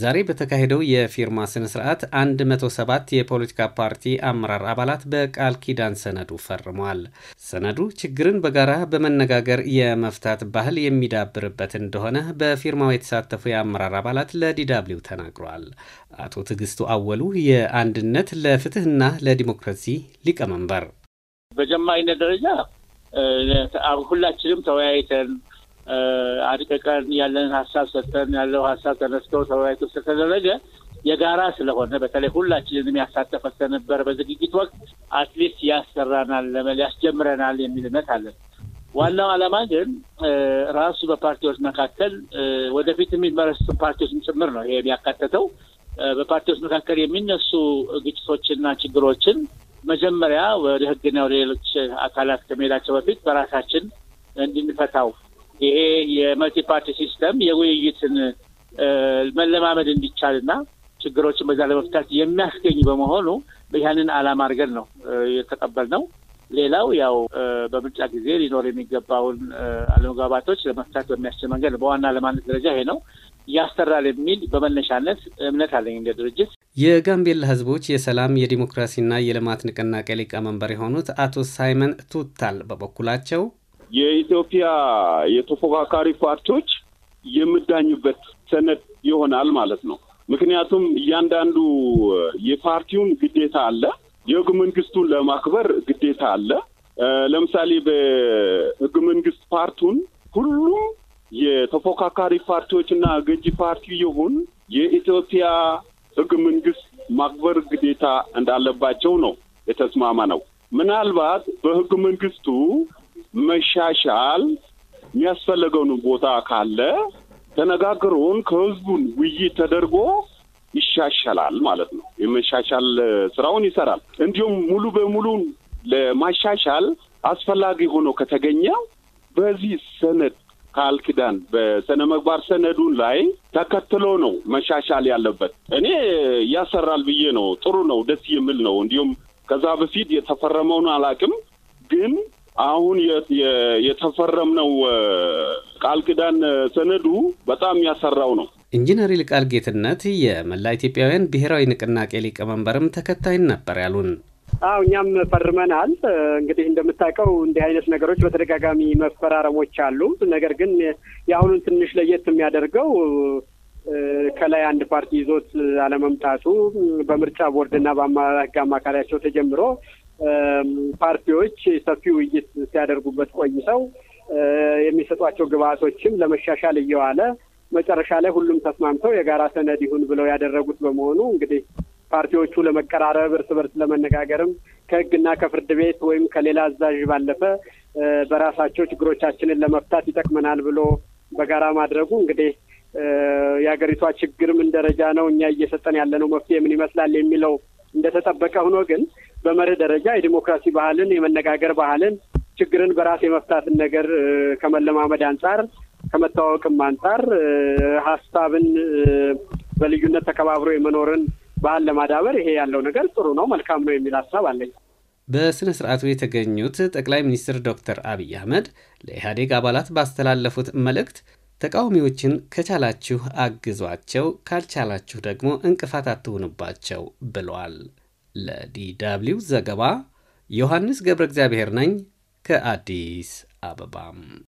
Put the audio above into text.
ዛሬ በተካሄደው የፊርማ ስነ ስርዓት 107 የፖለቲካ ፓርቲ አመራር አባላት በቃል ኪዳን ሰነዱ ፈርመዋል። ሰነዱ ችግርን በጋራ በመነጋገር የመፍታት ባህል የሚዳብርበት እንደሆነ በፊርማው የተሳተፉ የአመራር አባላት ለዲዳብሊው ተናግረዋል። አቶ ትዕግስቱ አወሉ የአንድነት ለፍትህና ለዲሞክራሲ ሊቀመንበር፣ በጀማሪነት ደረጃ ሁላችንም ተወያይተን አድቅቀን ያለንን ሀሳብ ሰጥተን ያለው ሀሳብ ተነስተው ተወያይቶ ስለተደረገ የጋራ ስለሆነ በተለይ ሁላችንንም ያሳተፈ ስለነበረ በዝግጅት ወቅት አትሊስት ያሰራናል፣ ያስጀምረናል የሚል እምነት አለን። ዋናው ዓላማ ግን ራሱ በፓርቲዎች መካከል ወደፊት የሚመረሱ ፓርቲዎች ጭምር ነው ይሄ የሚያካተተው። በፓርቲዎች መካከል የሚነሱ ግጭቶችና ችግሮችን መጀመሪያ ወደ ህግና ወደ ሌሎች አካላት ከመሄዳቸው በፊት በራሳችን እንድንፈታው ይሄ የመልቲ ፓርቲ ሲስተም የውይይትን መለማመድ እንዲቻልና ችግሮችን በዛ ለመፍታት የሚያስገኝ በመሆኑ ያንን አላማ አድርገን ነው የተቀበልነው። ሌላው ያው በምርጫ ጊዜ ሊኖር የሚገባውን አለመግባባቶች ለመፍታት በሚያስችል መንገድ በዋና ለማነት ደረጃ ይሄ ነው ያሰራል የሚል በመነሻነት እምነት አለኝ እንደ ድርጅት። የጋምቤላ ህዝቦች የሰላም የዲሞክራሲና የልማት ንቅናቄ ሊቀመንበር የሆኑት አቶ ሳይመን ቱታል በበኩላቸው የኢትዮጵያ የተፎካካሪ ፓርቲዎች የምዳኝበት ሰነድ ይሆናል ማለት ነው። ምክንያቱም እያንዳንዱ የፓርቲውን ግዴታ አለ፣ የህገ መንግስቱን ለማክበር ግዴታ አለ። ለምሳሌ በህገ መንግስት ፓርቱን ሁሉም የተፎካካሪ ፓርቲዎችና ገዢ ፓርቲ ይሁን የኢትዮጵያ ህገ መንግስት ማክበር ግዴታ እንዳለባቸው ነው የተስማማ ነው። ምናልባት በህገ መንግስቱ መሻሻል የሚያስፈልገውን ቦታ ካለ ተነጋግሮን ከህዝቡን ውይይት ተደርጎ ይሻሻላል ማለት ነው። የመሻሻል ስራውን ይሰራል። እንዲሁም ሙሉ በሙሉ ለማሻሻል አስፈላጊ ሆኖ ከተገኘ በዚህ ሰነድ ቃል ኪዳን በስነ ሰነዱን ላይ ተከትሎ ነው መሻሻል ያለበት። እኔ ያሰራል ብዬ ነው። ጥሩ ነው፣ ደስ የሚል ነው። እንዲሁም ከዛ በፊት የተፈረመውን አላቅም ግን አሁን የተፈረምነው ቃል ኪዳን ሰነዱ በጣም ያሰራው ነው። ኢንጂነር ይልቃል ጌትነት የመላ ኢትዮጵያውያን ብሔራዊ ንቅናቄ ሊቀመንበርም ተከታይን ነበር ያሉን። አዎ እኛም ፈርመናል። እንግዲህ እንደምታውቀው እንዲህ አይነት ነገሮች በተደጋጋሚ መፈራረሞች አሉ። ነገር ግን የአሁኑን ትንሽ ለየት የሚያደርገው ከላይ አንድ ፓርቲ ይዞት አለመምጣቱ በምርጫ ቦርድና አማካሪያቸው ተጀምሮ ፓርቲዎች ሰፊ ውይይት ሲያደርጉበት ቆይተው የሚሰጧቸው ግብአቶችም ለመሻሻል እየዋለ መጨረሻ ላይ ሁሉም ተስማምተው የጋራ ሰነድ ይሁን ብለው ያደረጉት በመሆኑ እንግዲህ ፓርቲዎቹ ለመቀራረብ እርስ በርስ ለመነጋገርም ከህግና ከፍርድ ቤት ወይም ከሌላ አዛዥ ባለፈ በራሳቸው ችግሮቻችንን ለመፍታት ይጠቅመናል ብሎ በጋራ ማድረጉ እንግዲህ የሀገሪቷ ችግር ምን ደረጃ ነው፣ እኛ እየሰጠን ያለነው መፍትሄ ምን ይመስላል የሚለው እንደተጠበቀ ሆኖ ግን በመርህ ደረጃ የዲሞክራሲ ባህልን የመነጋገር ባህልን ችግርን በራስ የመፍታትን ነገር ከመለማመድ አንጻር ከመተዋወቅም አንጻር ሀሳብን በልዩነት ተከባብሮ የመኖርን ባህል ለማዳበር ይሄ ያለው ነገር ጥሩ ነው፣ መልካም ነው የሚል ሀሳብ አለኝ። በስነ ስርዓቱ የተገኙት ጠቅላይ ሚኒስትር ዶክተር አብይ አህመድ ለኢህአዴግ አባላት ባስተላለፉት መልእክት ተቃዋሚዎችን ከቻላችሁ አግዟቸው፣ ካልቻላችሁ ደግሞ እንቅፋት አትሁኑባቸው ብለዋል። ለዲደብሊው ዘገባ ዮሐንስ ገብረ እግዚአብሔር ነኝ ከአዲስ አበባም